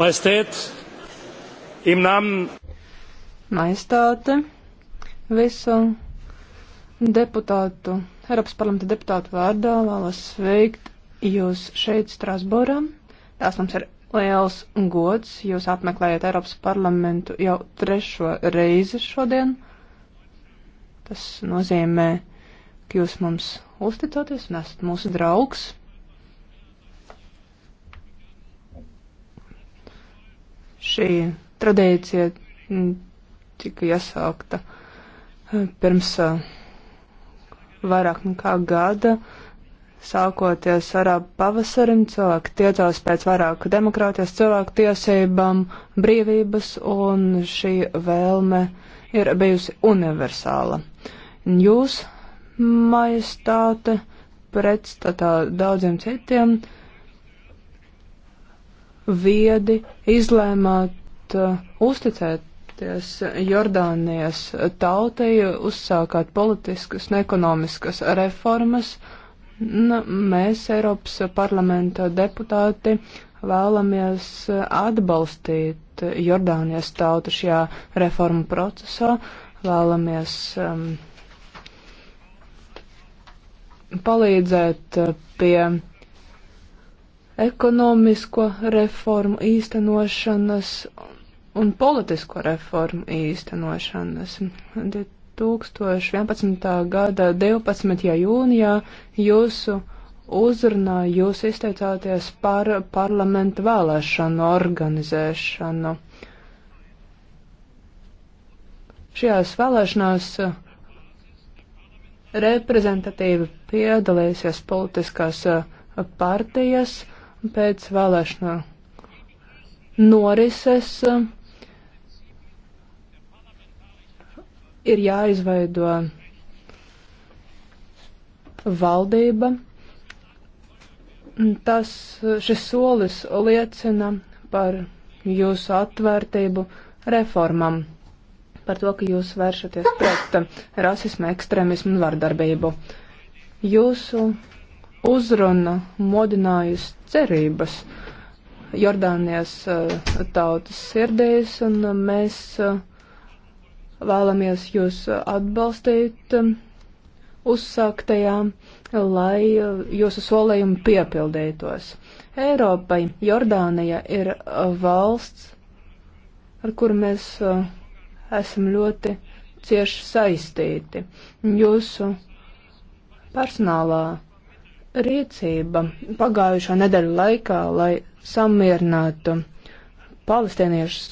Majestēt, im namen. Majestāte, visu deputātu, Eiropas parlamenta deputātu vārdā vēlas sveikt jūs šeit Strasbūrā. Tas mums ir liels gods. Jūs apmeklējat Eiropas parlamentu jau trešo reizi šodien. Tas nozīmē, ka jūs mums uzticaties un esat mūsu draugs. Šī tradīcija mm, tika iesākta eh, pirms eh, vairāk nekā gada. Sākoties arābu pavasarim, cilvēki tiecās pēc vairāk demokrātijas, cilvēku tiesībām, brīvības, un šī vēlme ir bijusi universāla. Jūs, majestāte, pretstatā daudziem citiem, uh, viedi izlēmāt uh, uzticēties Jordānijas tautai, uzsākāt politiskas un ekonomiskas reformas. N mēs, Eiropas parlamenta deputāti, vēlamies atbalstīt Jordānijas tautu šajā reformu procesā, vēlamies um, palīdzēt uh, pie ekonomisko reformu īstenošanas un politisko reformu īstenošanas. 2011. gada 12. jūnijā jūsu uzrunā jūs izteicāties par parlamentu vēlēšanu organizēšanu. Šajās vēlēšanās reprezentatīvi piedalīsies politiskās partijas pēc vēlēšana norises ir jāizveido valdība. Tas, šis solis liecina par jūsu atvērtību reformam, par to, ka jūs vēršaties pret rasismu, ekstrēmismu un vardarbību. Jūsu uzruna modinājusi cerības Jordānijas eh, tautas sirdīs, un eh, mēs eh, vēlamies jūs atbalstīt uzsāktajā, lai jūsu solējumi piepildītos. Eiropai Jordānija ir valsts, ar kuru mēs esam ļoti cieši saistīti. Jūsu personālā rīcība pagājušā nedēļa laikā, lai samierinātu palestīniešus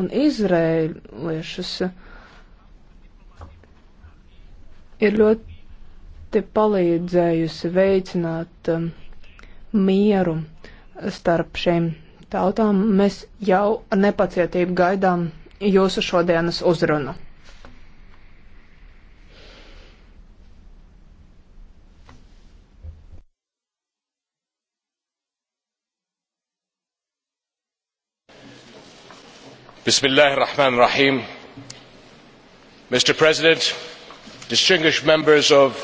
un izrēliešus, ir ļoti palīdzējusi veicināt um, mieru starp šīm tautām. Mēs jau ar nepacietību gaidām jūsu šodienas uzrunu. Bismillah ar-Rahman rahim Mr. President, distinguished members of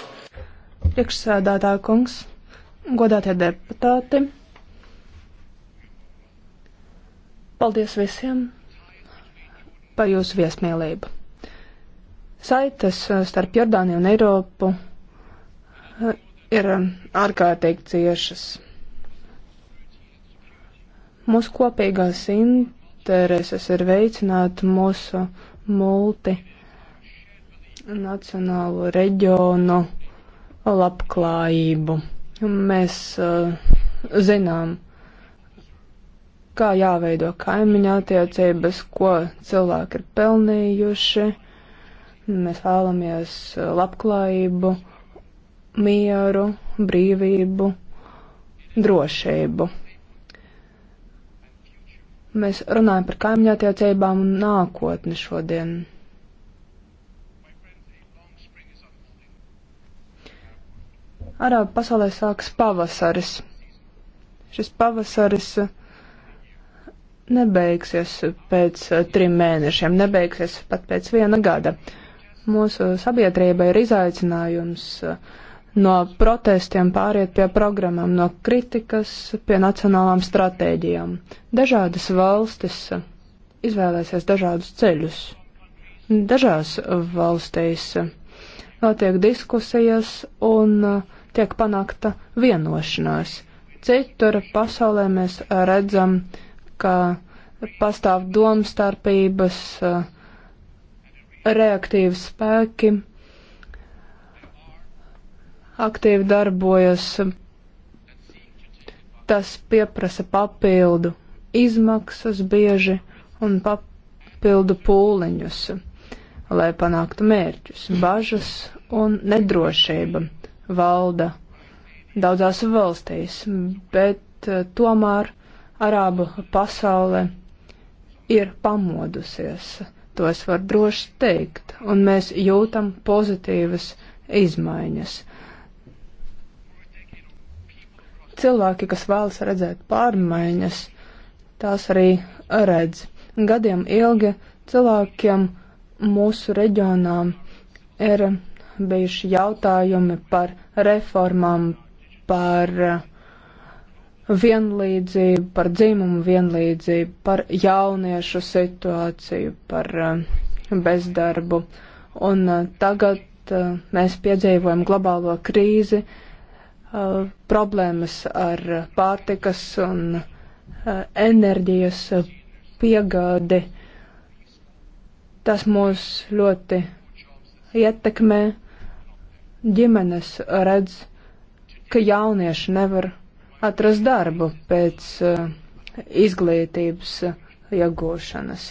Priekšsēdētā kungs, godātie deputāti, paldies visiem par jūsu viesmīlību. Saites uh, starp Jordāniju un Eiropu uh, ir um, ārkārtīgi ciešas. Mūsu kopīgās intereses intereses ir veicināt mūsu multinacionālo reģionu labklājību. Mēs uh, zinām, kā jāveido kaimiņa attiecības, ko cilvēki ir pelnījuši. Mēs vēlamies uh, labklājību, mieru, brīvību, drošību. Mēs runājam par kaimiņattiecībām un nākotni šodien. Arābu pasaulē sāks pavasaris. Šis pavasaris nebeigsies pēc trim mēnešiem, nebeigsies pat pēc viena gada. Mūsu sabiedrība ir izaicinājums uh, no protestiem pāriet pie programmām, no kritikas pie nacionālām stratēģijām. Dažādas valstis izvēlēsies dažādus ceļus. Dažās valstīs notiek diskusijas un tiek panākta vienošanās. Citur pasaulē mēs redzam, ka pastāv domstarpības, reaktīvi spēki aktīvi darbojas. Tas pieprasa papildu izmaksas bieži un papildu pūliņus, lai panāktu mērķus. Bažas un nedrošība valda daudzās valstīs, bet eh, tomēr Arābu pasaule ir pamodusies. To es varu droši teikt, un mēs jūtam pozitīvas izmaiņas. Cilvēki, kas vēlas redzēt pārmaiņas, tās arī redz. Gadiem ilgi cilvēkiem mūsu reģionā ir bijuši jautājumi par reformām, par vienlīdzību, par dzimumu vienlīdzību, par jauniešu situāciju, par eh, bezdarbu. Un eh, tagad eh, mēs piedzīvojam globālo krīzi, uh, Uh, problēmas ar pārtikas un uh, enerģijas piegādi. Tas mūs ļoti ietekmē. Ģimenes redz, ka jaunieši nevar atrast darbu pēc uh, izglītības iegūšanas.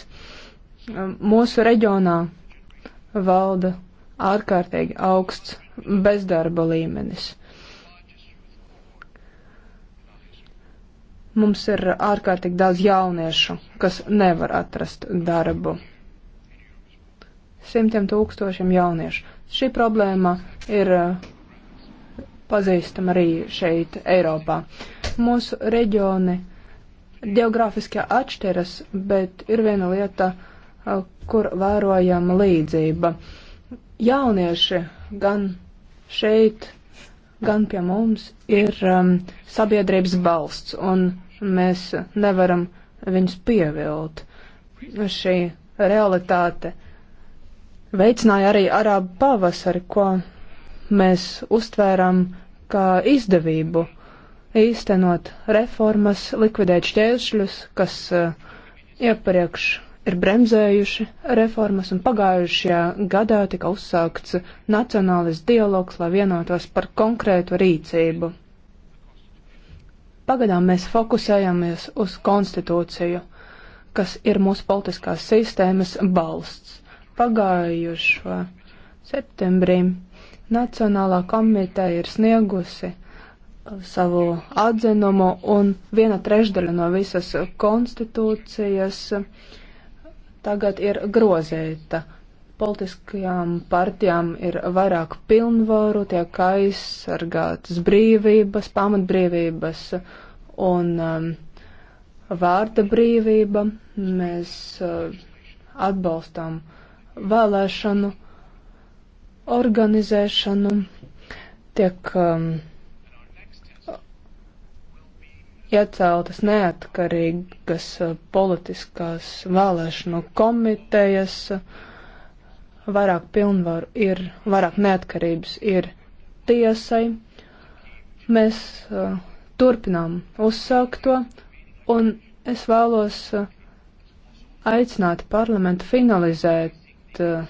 Um, mūsu reģionā valda ārkārtīgi augsts bezdarba līmenis. Uh, Mums ir ārkārtīgi daudz jauniešu, kas nevar atrast darbu. Simtiem tūkstošiem jauniešu. Šī problēma ir eh, pazīstama arī šeit, Eiropā. Mūsu reģioni geogrāfiski atšķiras, bet ir viena lieta, eh, kur vērojama līdzība. Jaunieši gan šeit, gan pie mums ir um, sabiedrības balsts, un mēs nevaram viņus pievilt. Šī realitāte veicināja arī arābu pavasari, ko mēs uztvērām kā izdevību īstenot reformas, likvidēt šķēršļus, kas uh, iepriekš ir bremzējuši reformas, un pagājušajā gadā tika uzsākts nacionālis dialogs, lai vienotos par konkrētu rīcību. Pagadām mēs fokusējamies uz konstitūciju, kas ir mūsu politiskās sistēmas balsts. Pagājušo septembrī Nacionālā komiteja ir sniegusi uh, savu atzinumu, un viena trešdaļa no visas konstitūcijas uh, tagad ir grozēta. Politiskajām partijām ir vairāk pilnvaru, tiek aizsargātas brīvības, pamatbrīvības un um, vārda brīvība. Mēs uh, atbalstām vēlēšanu organizēšanu, tiek um, ieceltas neatkarīgas eh, politiskās vēlēšanu komitejas, vairāk pilnvaru ir, vairāk neatkarības ir tiesai. Mēs uh, turpinām uzsākt to, un es vēlos uh, aicināt parlamentu finalizēt uh,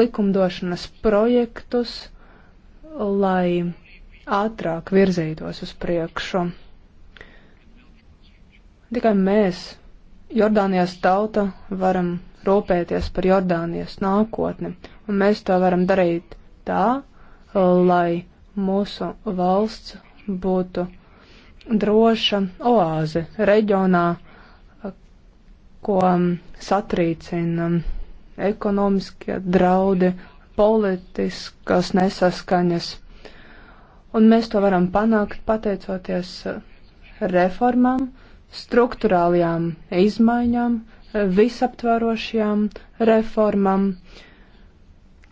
likumdošanas projektus, lai ātrāk virzītos uz priekšu. Tikai mēs, Jordānijas tauta, varam rūpēties par Jordānijas nākotni, un mēs to varam darīt tā, lai mūsu valsts būtu droša oāze reģionā, ko satrīcina ekonomiskie draudi, politiskas nesaskaņas. Un mēs to varam panākt pateicoties reformām, struktūrālajām izmaiņām, visaptvarošajām reformām,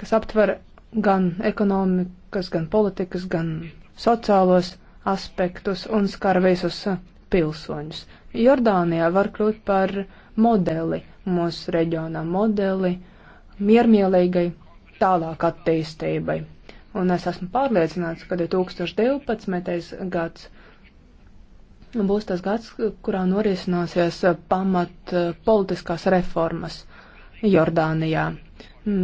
kas aptver gan ekonomikas, gan politikas, gan sociālos aspektus un skar visus pilsoņus. Jordānijā var kļūt par modeli mūsu reģionā, modeli miermīlīgai tālāk attīstībai. Un es esmu pārliecināts, ka 2012. gads būs tas gads, kurā norisināsies pamat eh, politiskās reformas Jordānijā.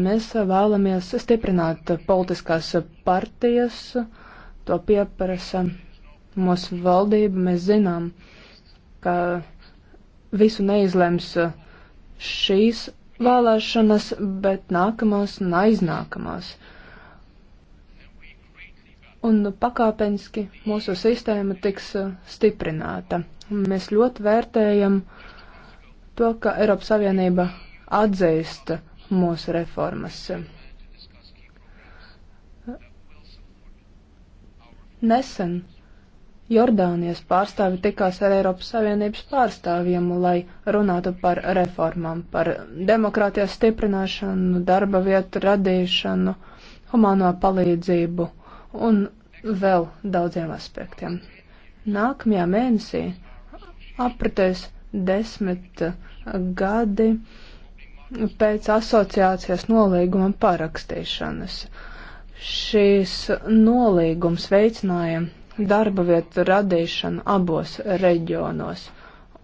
Mēs vēlamies stiprināt politiskās partijas, to pieprasa mūsu valdība. Mēs zinām, ka visu neizlems šīs vēlēšanas, bet nākamās un aiznākamās. Uh, un pakāpeniski mūsu sistēma tiks uh, stiprināta. Mēs ļoti vērtējam to, ka Eiropas Savienība atzīst mūsu reformas. Nesen Jordānijas pārstāvi tikās ar Eiropas Savienības pārstāvjiem, lai runātu par reformām, par demokrātijas stiprināšanu, darba vietu radīšanu, humāno palīdzību un vēl daudziem aspektiem. Nākamajā mēnesī apritēs desmit gadi pēc asociācijas nolīguma parakstīšanas. Šīs nolīgums veicināja darba vietu radīšanu abos reģionos,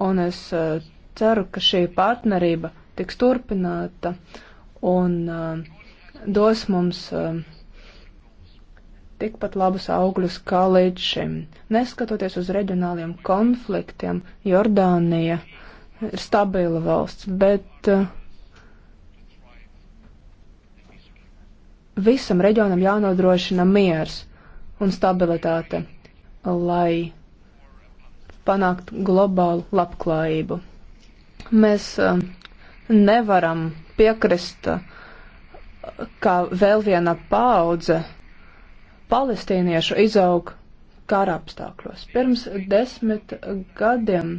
un es eh, ceru, ka šī partnerība tiks turpināta un uh, dos mums uh, tikpat labus augļus kā līdz šim. Neskatoties uz reģionāliem konfliktiem, Jordānija ir stabila valsts, bet eh, visam reģionam jānodrošina miers un stabilitāte, lai panāktu globālu labklājību. Mēs eh, nevaram piekrist, eh, ka vēl viena paudze palestīniešu izaug kara apstākļos. Pirms desmit gadiem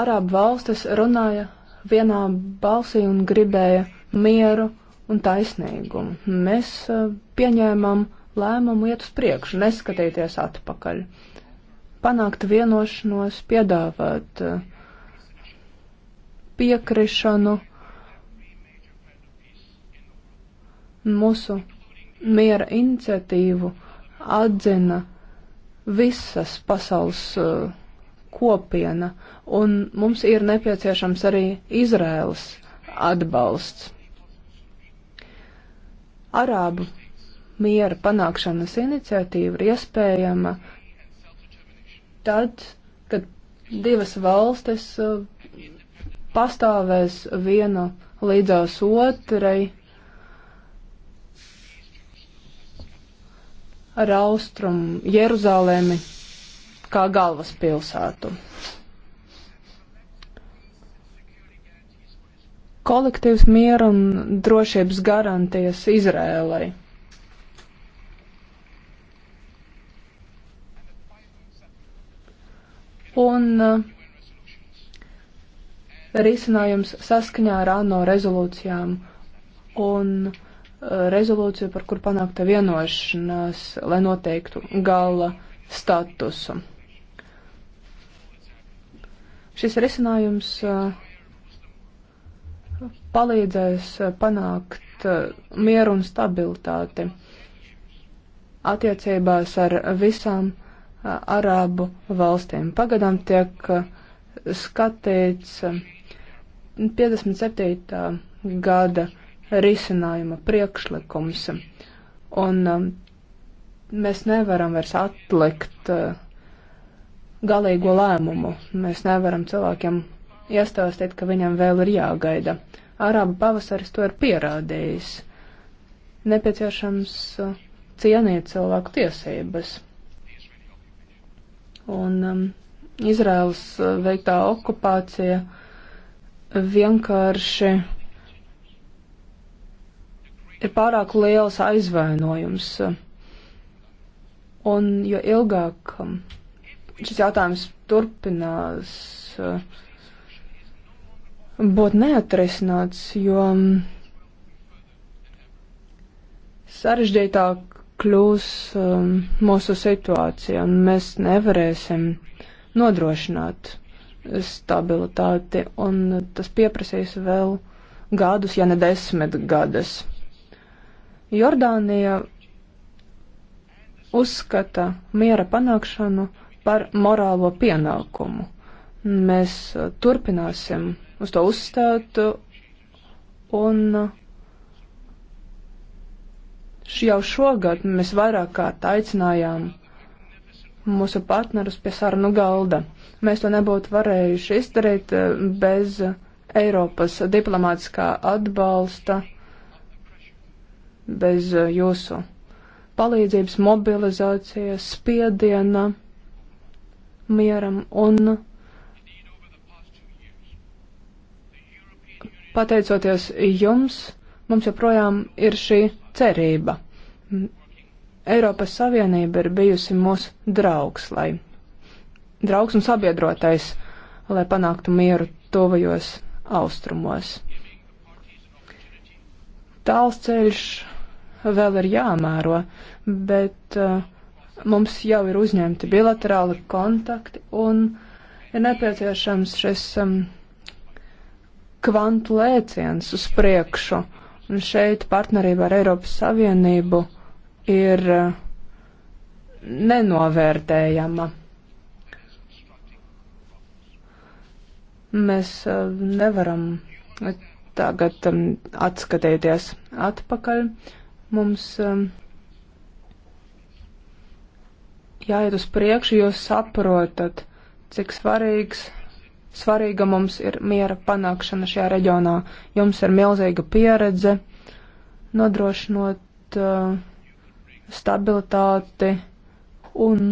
Arābu valstis runāja vienā balsī un gribēja mieru un taisnīgumu. Mēs uh, pieņēmām lēmumu iet uz priekšu, neskatīties atpakaļ, panākt vienošanos, piedāvāt uh, piekrišanu mūsu miera iniciatīvu atzina visas pasaules uh, kopiena, un mums ir nepieciešams arī Izraels atbalsts. Arābu miera panākšanas iniciatīva ir iespējama tad, kad divas valstis uh, pastāvēs viena līdzās otrai ar austrumu Jeruzalemi kā galvaspilsētu. Kolektīvs miera un drošības garantijas Izrēlai. Un uh, risinājums saskaņā ar ANO rezolūcijām un uh, rezolūciju, par kur panākta vienošanās, lai noteiktu gala statusu. Šis risinājums uh, palīdzēs panākt uh, mieru un stabilitāti attiecībās ar visām uh, arābu valstīm. Pagadām tiek skatīts 57. Um, gada risinājuma priekšlikums. Un um, mēs nevaram vairs atlikt uh, galīgo lēmumu. Mēs nevaram cilvēkiem iestāstīt, ka viņam vēl ir jāgaida. Arābu pavasaris to ir pierādījis. Nepieciešams uh, cienīt cilvēku tiesības. Un um, Izraels uh, veiktā okupācija vienkārši ir pārāk liels aizvainojums. Un jo ilgāk um, šis jautājums turpinās uh, būt neatrisināts, jo um, sarežģītāk kļūs um, mūsu situācija un mēs nevarēsim nodrošināt stabilitāti, un tas pieprasīs vēl gadus, ja ne desmit gadus. Jordānija uzskata miera panākšanu par morālo pienākumu. Mēs uh, turpināsim uz to uzstāt uh, un uh, jau šogad mēs vairāk kārt aicinājām mūsu partnerus pie sarunu galda. Mēs to nebūtu varējuši izdarīt bez Eiropas diplomātiskā atbalsta bez eh, jūsu palīdzības, mobilizācijas, spiediena, mieram un pateicoties jums, mums joprojām ir šī cerība. Eiropas Savienība ir bijusi mūsu draugs, lai draugs un sabiedrotais, lai panāktu mieru tuvajos austrumos. Tāls ceļš vēl ir jāmēro, bet uh, mums jau ir uzņemti bilaterāli kontakti un ir nepieciešams šis um, kvantu lēciens uz priekšu. Un šeit partnerība ar Eiropas Savienību ir uh, nenovērtējama. Mēs uh, nevaram tagad um, atskatīties atpakaļ. Uh, Mums um, jāiet uz priekšu, jūs saprotat, cik svarīgs, svarīga mums ir miera panākšana šajā reģionā. Jums ir milzīga pieredze nodrošinot uh, stabilitāti un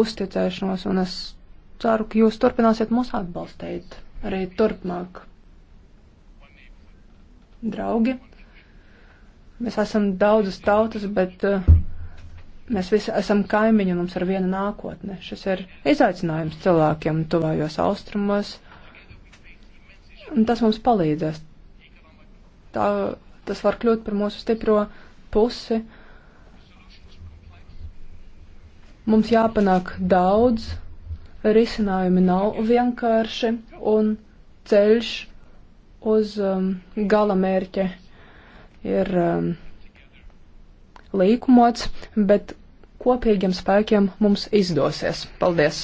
uzticēšanos, un es ceru, ka jūs turpināsiet mūs atbalstīt arī turpmāk. Draugi! Mēs esam daudzas tautas, bet uh, mēs visi esam kaimiņi un mums ir viena nākotne. Šis ir izaicinājums cilvēkiem tuvājos austrumos. Un tas mums palīdzēs. Tā, tas var kļūt par mūsu stipro pusi. Mums jāpanāk daudz, risinājumi nav vienkārši un ceļš uz um, gala mērķi ir um, līkumots, bet kopīgiem spēkiem mums izdosies. Paldies!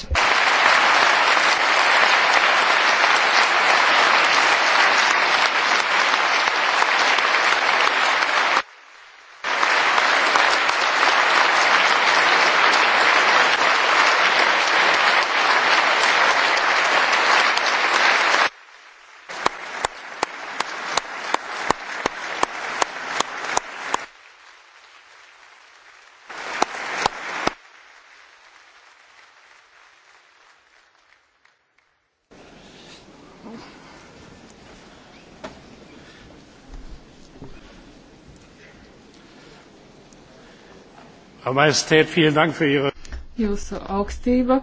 Jūsu augstība,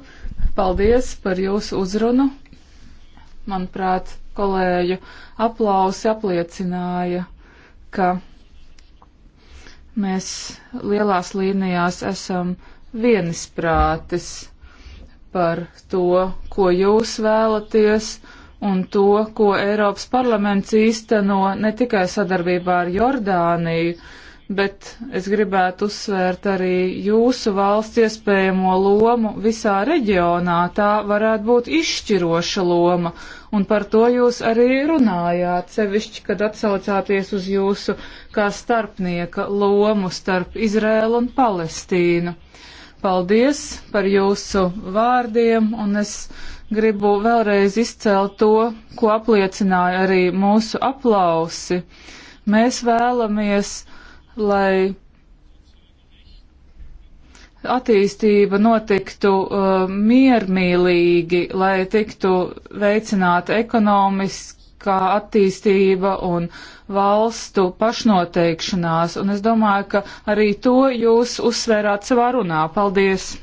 paldies par jūsu uzrunu. Manuprāt, kolēģu aplausi apliecināja, ka mēs lielās līnijās esam vienisprātis par to, ko jūs vēlaties un to, ko Eiropas parlaments īsteno ne tikai sadarbībā ar Jordāniju, bet es gribētu uzsvērt arī jūsu valsts iespējamo lomu visā reģionā. Tā varētu būt izšķiroša loma, un par to jūs arī runājāt, sevišķi, kad atsaucāties uz jūsu kā starpnieka lomu starp Izrēlu un Palestīnu. Paldies par jūsu vārdiem, un es gribu vēlreiz izcelt to, ko apliecināja arī mūsu aplausi. Mēs vēlamies, uh, lai attīstība notiktu uh, miermīlīgi, lai tiktu veicināta ekonomiskā attīstība un valstu pašnoteikšanās. Un es domāju, ka arī to jūs uzsvērāt savā runā. Paldies!